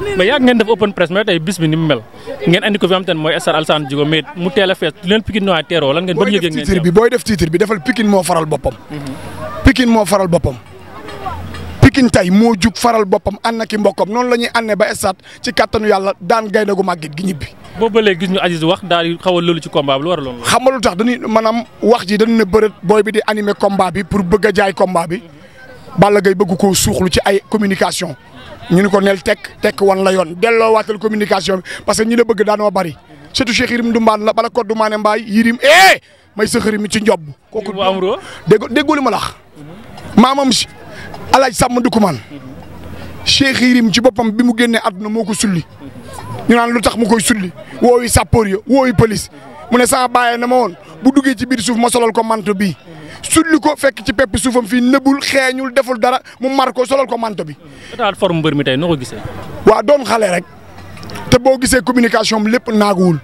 mais yàgg ngeen def open press mais tey bis bi ni mu mel ngeen andi ko fi am te ne mooy Stade Alassane Djigo mais mu teel a fees leen Pikine noa teeroo lan ngeen ba yëgee ngeen bi mhm. moo faral boppam Pikine tey moo jug faral boppam ànd ki mbokkam noonu la ñuy àndee ba stade ci kattanu yàlla daan gaynde gu màggit gi ñibbi boobu ba léegi gis ñu Aziz wax daal di xaw a loolu ci combat bi lu war a loolu xam nga lu tax dañuy maanaam wax ji dañu ne bërët booy bi di animer combat bi pour bëgg a jaay combat bi mhm. bala gay bëgg ko suuxlu ci ay communication ñu ni ko nel tekk tekk wan la yoon delloo waatal communication bi parce que ñi la bëgg daanoo bari surtout Cheikh Yirim Dumbaan la bala ko du mbaay Yirim eh may sëxëri mi ci njob kooku dégg déggoo li ma lax maamam alaaj sàmm dukumaan Cheikh Yirim ci boppam bi mu génnee àdduna moo ko sulli ñu naan lu tax mu koy sulli woowi sappoor yo woowi pëlis mu ne sama bàyyee na ma woon bu duggee ci biir suuf ma solal ko manto bi sulli ko fekk ci pepp suufam fii nëbul xeeñul deful dara mu mar ko solal ko manto bi. état forme mbër mi tey noo ko gisee. waa doon xale rek te boo gisee communication bi lépp naaguwul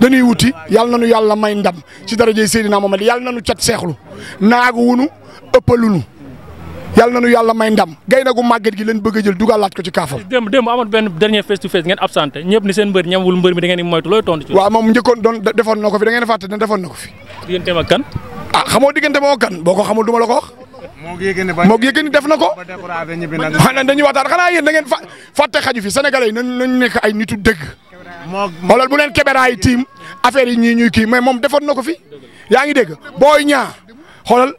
dañuy wuti yàlla nañu yàlla may ndam ci a Seydina Mohamed yàlla nañu cat seexlu naaguwunu ëppalunu yàlla nañu yàlla may ndam gaynde gu màgget gi leen bëgg a jël dugalaat ko ci kaafam. démb démb amoon benn dernier face to face ngeen absenté ñëpp ni seen ne kan. ah xamoo diggante moo kan boo ko xamul du ma la ko wax. moog def na ko. ba découragé ñibbi nag. xanaa dañuy waxtaan xanaa yéen da ngeen fa fàtte xaju fi sénégalais yi nañu nañu nekk ay nitu dëgg. moog xoolal bu leen keberaay tiim affaire yi ñii ñuy kii mais moom defoon na ko fi. yaa ngi dégg booy ñaa xoolal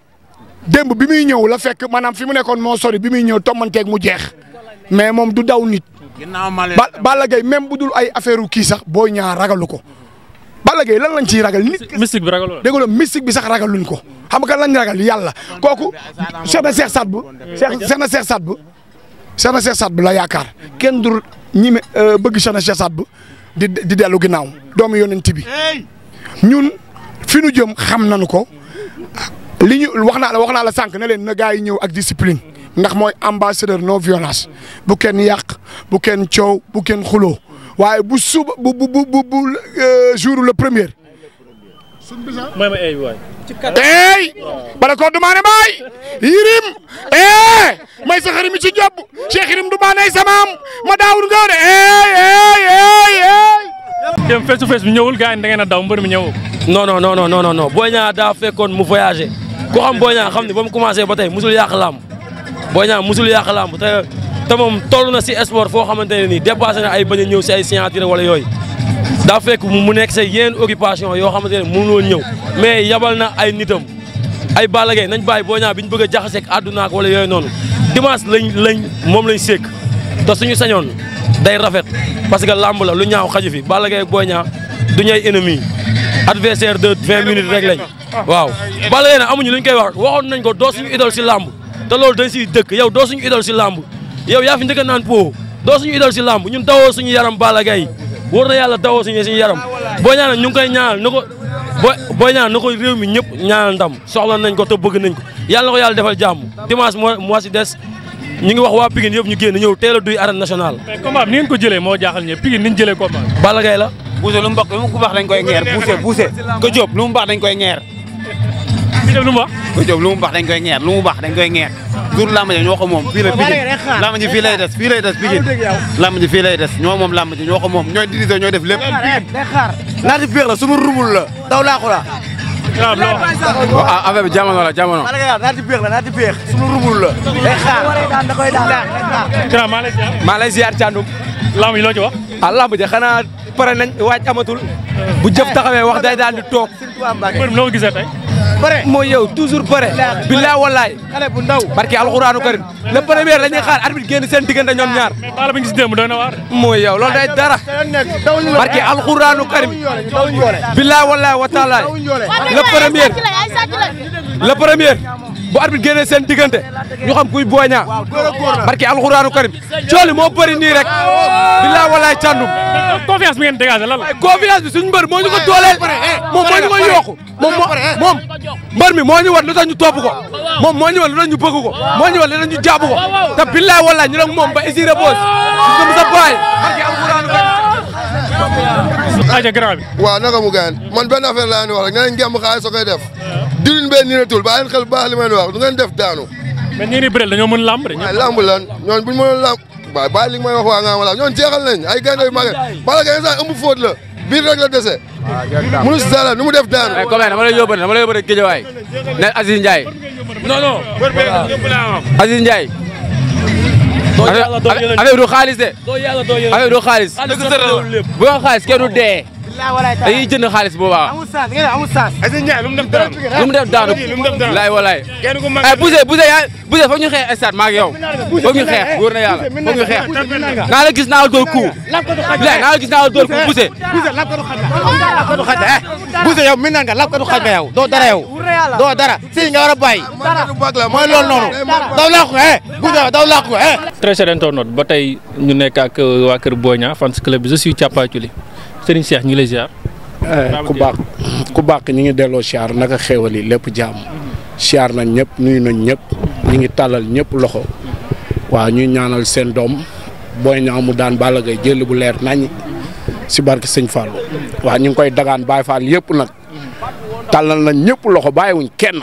démb bi muy ñëw la fekk maanaam fi mu nekkoon moo sori bi muy ñëw toman tommanteeg mu jeex mais moom du daw nit. ginnaaw Balla Gaye même bu dul ay affaire kii sax booy ñaa ragalu ko. Balla Gaye lan lañ ciy ragal nit. bi ragaloo la déggoo mystique bi sax ragaluñ ko xam nga lan ragal yàlla kooku. Cheikh na Cheikh Sadbou Cheikh na Cheikh Sadbou Cheikh na Cheikh la yaakaar kenn dur ñi euh, bëgg Cheikh na Cheikh Sadbou di di dellu ginnaaw doomu yonent bi ñun fi nu jëm xam nañu ko li ñu wax naa la wax naa la sànq ne leen na gaa yi ñëw ak discipline ndax mooy ambassadeur non violence bu kenn yàq bu kenn coow bu kenn xuloo waaye bu suba bu bu bu bu euh, jour le premier. ma eey waay. eey bala ko dumaane yirim ee may sa mi ci job Cheikh Yirim dumaane ay samaam ma daawul nga de eey eey eey eey dem face to bi ñëwul gars yi da ngeen a daw mu mi ñëwul non non non non non daa fekkoon mu voyagé ku xam Boy Niang xam ne boo mu commencé ba tey musul yàq lamb Boy Niang musul yàq lamb te te moom toll na si sport foo xamante ne nii dépassé na ay bañ a ñëw si ay signature wala yooyu daa fekk mu nekk say yenn occupation yoo xamante ne mënuloo ñëw mais yabal na ay nitam ay Balla Gaye nañ bàyyi Boy Niang bi ñu bëgg a jaxaseeg àdduna ak wala yooyu noonu dimaas lañ lañ moom lañ sekk te suñu sañoon day rafet parce que làmb la lu ñaaw xaju fi Balla Gaye ak Boy Niang du ñuy ennemi adversaire de 20 minutes rek lañ ah. waaw Balla Gaye nag amuñu lu koy wax waxoon nañ ko doo si làmb te loolu dañ dëkk yow doo suñu idole si làmb yow yaa fi njëkk naan po doo suñu idol si làmb ñun dawoo suñu yaram Balla Gaye wóor na yàlla dawoo suñu suñu yaram boo ñaanal ñu ngi koy ñaanal na ko boo ñaanal na ko réew mi ñëpp ñaanal ndam soxla nañ ko te bëgg nañ ko yàlla na ko yàlla defal jàmm dimanche moo moo si des ñu wax waa Pikine yëpp ñu génn ñëw teel a duy arène nationale. mais combat ni ngeen ko jëlee moo jaaxal ñëpp Pikine ni ñu jëlee combat. Balla la. Boucher lu mu bokk lu mu baax dañ koy ñeer Boucher Boucher ko Diop lu mu baax dañ koy ñeer bi def lu mu wax ko job lu mu baax dañ koy ñeer lu mu baax dañ koy ñeer làmb ji ñoo ko moom fii la Pikine làmb ji fii lay des fii lay des Pikine làmb ji fii lay des ñoo moom làmb ji ñoo ko moom ñooy dirigé ñooy def lépp naati féex la suñu rumul la daw laaxu la waaw ah, affaire bi jamono la jamono. naati peex la naati peex. suñu rubul la. day xaar da koy daan maa lay ziar. maa lay ziar Thiandoum. loo ci wax. ah lamb ja xanaa pare nañ waaj amatul. bu jëf taxawee wax day daal di toog. pare mooy yow toujours pare bilaa walaay xale bu ndaw barke alxuraanu karim le premier la ñuy xaar arbitre génn seen diggante ñoom ñaar mooy yow loolu day dara barke alxuraanu karim bilaa walaay wa taalaay le premier le bu arbitre génnee seen diggante ñu xam kuy Boy Niang barki alxuraanu karim cooli moo bëri nii rek billaa walaay càndum confiance bi ngeen dégagé lan la confiance bi suñu mbër moo ñu ko dooleel eh, moom moo ñu ko moom eh. moom mbër mi moo ñu war lu tax ñu topp ko moom moo ñu war lu tax ñu ko moo ñu war lu tax ñu jàpp ko te ñu nag moom ba isi repose su gëm sa baay barki alxuraanu karim waaw naka mu gaan man benn affaire laa ni wax rek nee nañ ngemb xaalis soo koy def diwlin bee niinatul bàyyi xel bu baax li may wax du ngeen def daanu. mais ñi ni bëre dañoo mën lamb rek. waaw lamb lan ñooñu li may wax waa nga ma la ñooñu jeexal nañ ay gaynde yu mag bala gaynde sax ëmb fóot la biir rek la dese. waaw jërëjëf mënu si nu mu def daanu. mais eh, comme dama lay yóbbu dama lay yóbbu Guédiawaye ne Aziz Ndiaye. non non. waaw Aziz Ndiaye. doo yàlla doo yàlla affaire du xaalis de. doo yàlla xaalis. dëgg sa bu yoo xaalis kenn du dee. dañuy jënd xaalis bu baax. amul sens ngeen amul sens. Aziz Ndiaye lu mu def daanu lu mu def daanu. laay walaay. kenn ku mag Bousse eh, Bousse yaa Bousse foog ñu xeex stade maa ak yow. ñu xeex eh, wóor na yàlla foog ñu xeex. naa la gis naa la dóor coup. léegi naa la gis naa la dóor coup Bousse. Bousse lakkatu xaj la lakkatu xaj la eh. Bousse yow doo dara yow. doo dara si nga war a bàyyi. mooy loolu noonu. daw làqu eh Bousse daw làqu eh. très cher internaute ba tey ñu nekk ak euh, waa kër Boy Niang fans club bi Serigne Cheikh ñi lay ziar. Eh, ku baax ku baax ñi ngi delo siyaar naka xewali lepp lépp jàmm na ñep ñëpp nuyu nañ ñëpp ngi talal ñep loxo wa ñuy ñaanal seen dom boy ñaaw mu daan balagay jël bu leer nañ si barke serigne Fallou wa ñi ngi koy dagaan Baye Fall yep nak talal na ñep loxo bàyyiwuñ kenn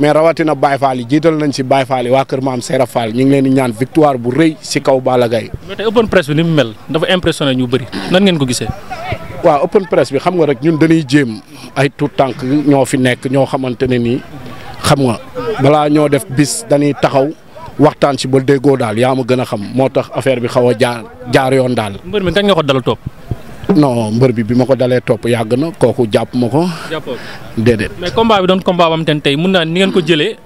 mais na Baye Fall jital nañ si Baye Fall wa keur maam Serap Fall ñi ngi leen di ñaan victoire bu reuy si kaw balagay mais tay open press bi ni mel dafa impressionné ñu bari nan ngeen ko gisee. waaw open press bi xam nga rek ñun dañuy jéem ay tout tànk ñoo fi nekk ñoo xamante ne nii xam nga balaa ñoo def bis dañuy taxaw waxtaan si ba déggoo daal yaa ma gën a xam moo tax affaire bi xaw a jaar jaar yoon daal. mbër mi kañ nga ko dala topp. no mbër bi bi ma ko dalee topp yàgg na kooku jàpp ma ko. jàppoo déedéet. mais combat bi doon combat bam ten tey mun naa ni ngeen ko jëlee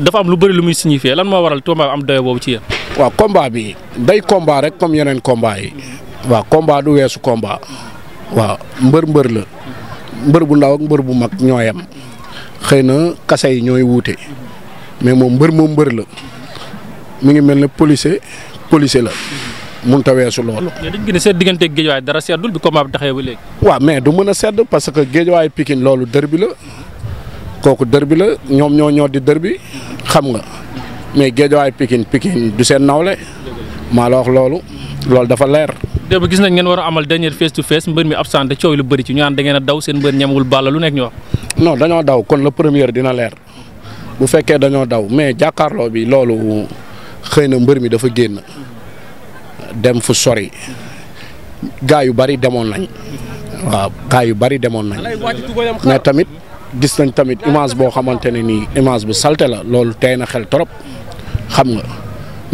dafa am lu bëri lu muy signifié lan moo waral combat am doyoo boobu ci yéen. waaw combat bi day combat rek comme yeneen combat yi. waaw combat du weesu combat. wa mbeur mbeur la mbeur bu ndaw ak mbeur bu mag ñoyam xeyna na ñoy wuté mais mom mbeur mom mbeur la mi ngi melni police police la mun ta wessu lolu dañu gëna sét digënté diggante géejawaay dara sétul bi combat bi taxee ba léegi. waaw mais du mëna sét parce que géejawaay Pikine lolu derby la koku derby la ñom ñoo ñoo di derby xam nga mais géejawaay Pikine Pikine du sét nawlé ma la wax lolu lolu dafa lèr démb gis nañ ngeen war a amal dernier face to face mbër mi absenté coow lu bëri ci ñu naan da ngeen a daw seen mbër ñemewul Balla lu nekk ñu wax. non dañoo daw kon la première dina leer bu fekkee dañoo daw mais jàkkaarloo bi loolu xëy na mbër mi dafa génn dem fu sori gaa yu bari demoon nañ waaw gaa yu bari demoon nañ mais tamit gis nañ tamit image boo xamante ne nii image bu salte la loolu tey na xel trop xam nga.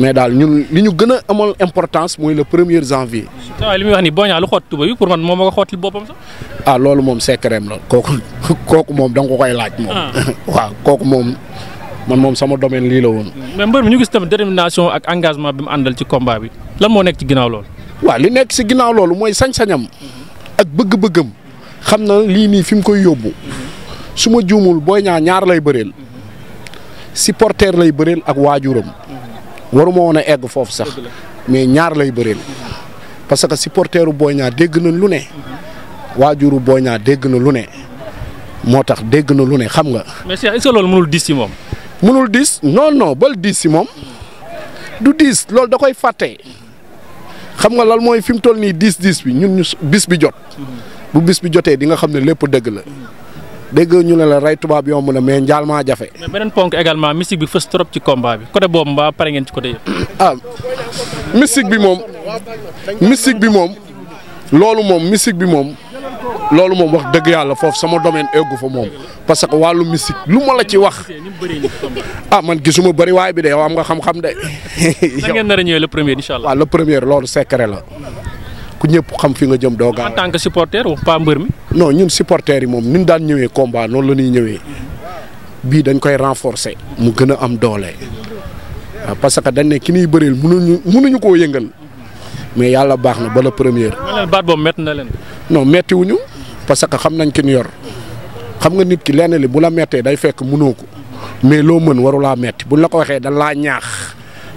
mais dal ñun li ñu gëna a amal importance moy le 1er janvier. taw ah, li muy wax ni boo lu xott tuba bi pour man moom moo ko xottil boppam sax. ah lolu mom secret la koku koku mom da nga ko koy laaj. mom ah. waaw koku mom man mom sama domaine li la woon. mais mbër mi ñu gis tam détermination ak engagement bi mu àndal ci combat bi lan mo nekk ci ginaaw lool waaw li nekk ci ginaaw lool moy sañ-sañam. ak bëgg-bëggam xamna li ni fim koy yobbu suma ma juumul ñaar lay bëreel. supporter lay bëreel ak waajuram. waruma woon a egg foofu sax mais ñaar lay bëreel mhm. parce que supporteru Boy Niang dégg na lu ne mhm. waajuru Boy Niang dégg na lu ne moo tax dégg na lu ne xam nga. mais Cheikh est-ce loolu mënul diis ci moom. mënul diis non bal diis ci moom mhm. du diis loolu da koy fàtte xam nga lan mooy fi mu toll nii diis diis bi ñun ñu bis bi jot bu bis bi jotee di nga xam ne lépp dëgg la. dégg ñu la ray tuba bi yomb na mais njaal maa jafe. mais benen ponk également mystique bi feus trop ci combat bi côté bob mbaa paré ngeen ci côté yëpp. ah mystique bi mom mystique bi mom lolu mom mystique bi mom lolu mom wax deug yalla fofu sama domaine eggu fa mom parce que walu mystique lu ma la ci wax ah man gisuma bari way bi de yow am nga xam-xam de. da ngeen nar ñëw le premier inshallah wa ah, le premier lolu secret la ku ñepp xam fi nga jëm doo en tant que supporter ou pas mbeur mi non ñun supporter yi mom ñu daan ñëwé combat non la ñuy ñëwé bi dañ koy renforcer mu gëna am doolé parce que dañ né ki ñuy bëreel mënu ñu ko yëngal mais yalla baax na ba la première baat bo met na len non metti wuñu parce que xam nañ ki ñu yor xam nga nit ki lenn li bu la metté day fekk mënoko mais lo mën la metti bu la ko waxé da la ñaax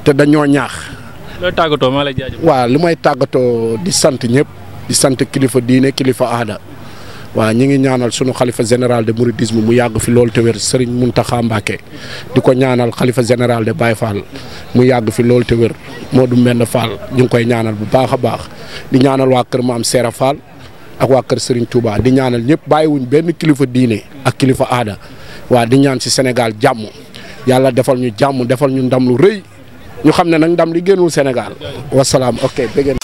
té dañu ñaax looy tàggatoo maa lay jaajëf. waaw li may tàggatoo di sant ñëpp di sant kilifa diine kilifa aada waa ñi ngi ñaanal sunu xalifa général de mouridisme mu yàgg fi loolu te wér sëriñ mun Mbàkke di ko ñaanal xalifa général de Baye Fall mu yàgg fi loolu te wér Modou Mbène Fall ñu ngi koy ñaanal bu baax a baax di ñaanal waa kër maam Seera Fall ak waa kër sëriñ Touba di ñaanal ñëpp bàyyiwuñ benn kilifa diine ak kilifa aada waa di ñaan si senegal jàmm yàlla defal ñu jàmm defal ñu ndam lu rëy. ñu xam ne nag ndam li génnul Sénégal wasalaam ok.